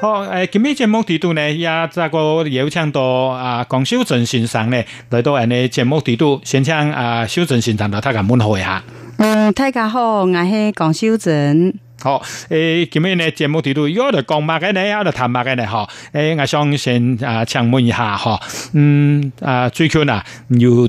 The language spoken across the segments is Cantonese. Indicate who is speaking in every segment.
Speaker 1: 好誒，今日節目調度呢，也有個有請到啊，龔秀鎮先生呢，來到我哋節目調度，先請啊，秀鎮先生同大家問候一下。
Speaker 2: 嗯，大家好，我係龔秀鎮。
Speaker 1: 好誒，今日呢節目調度，一路講埋個呢，一路談埋個呢，嗬，誒、啊，我想先啊，請問一下，嗬，嗯，啊，最近呢，有。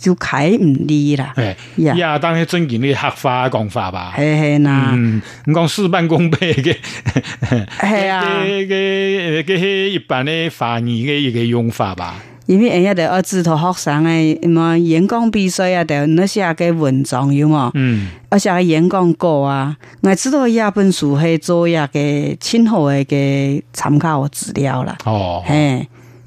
Speaker 2: 就開唔
Speaker 1: 利啦，呀、欸，當係尊敬呢客話講法吧，嘿嘿呐，嗯，咁講事半功倍嘿嘿嘿個個一個嘿一般呢翻譯嘅一個用法吧，
Speaker 2: 因為人家的我指導學生誒，嘛演講必須啊，就那些嘅文章有冇？嗯，而且演講稿啊，我知道亞本書係做亞嘅參考嘅參考資料啦，哦，嘿。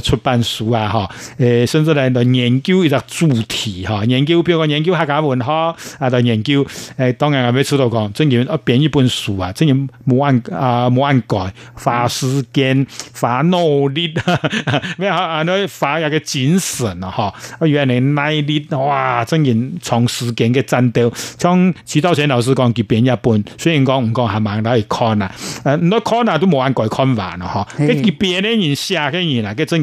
Speaker 1: 出版書啊，吼，誒，甚至嚟嚟研究一個主題，吼，研究，比如講研究客家文吼，啊，嚟研究，誒，當然我未出到講，真嘅，啊，編一本書啊，真嘅，冇、呃、按，啊，冇按改，花時間，花努力，咩啊，花一個精神啊，嗬，原來耐力，哇，真嘅，長時間的戰鬥，像徐兆泉老師講，佢編一本，雖然講講，還蠻猛睇看啊，誒，唔看啊，都冇按改看完了，嗬的，佢編呢啲寫嘅嘢啦，佢真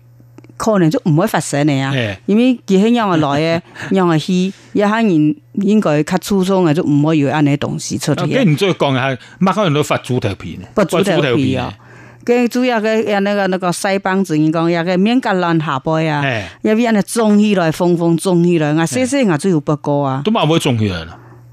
Speaker 2: 可能就唔會發生你啊，因為佢先讓我來嘅，讓我去，一下人應該吸粗蔥嘅就唔可以按啲東西出嘅。咁唔
Speaker 1: 再講下，乜可能都發豬頭皮呢？豬頭皮啊，
Speaker 2: 跟主，主，主要嘅啊，那個那個腮幫子，你講一個面干爛下巴啊，因為啊你腫起來，風風腫起來，我細細我都有不過啊，都冇會腫起來了。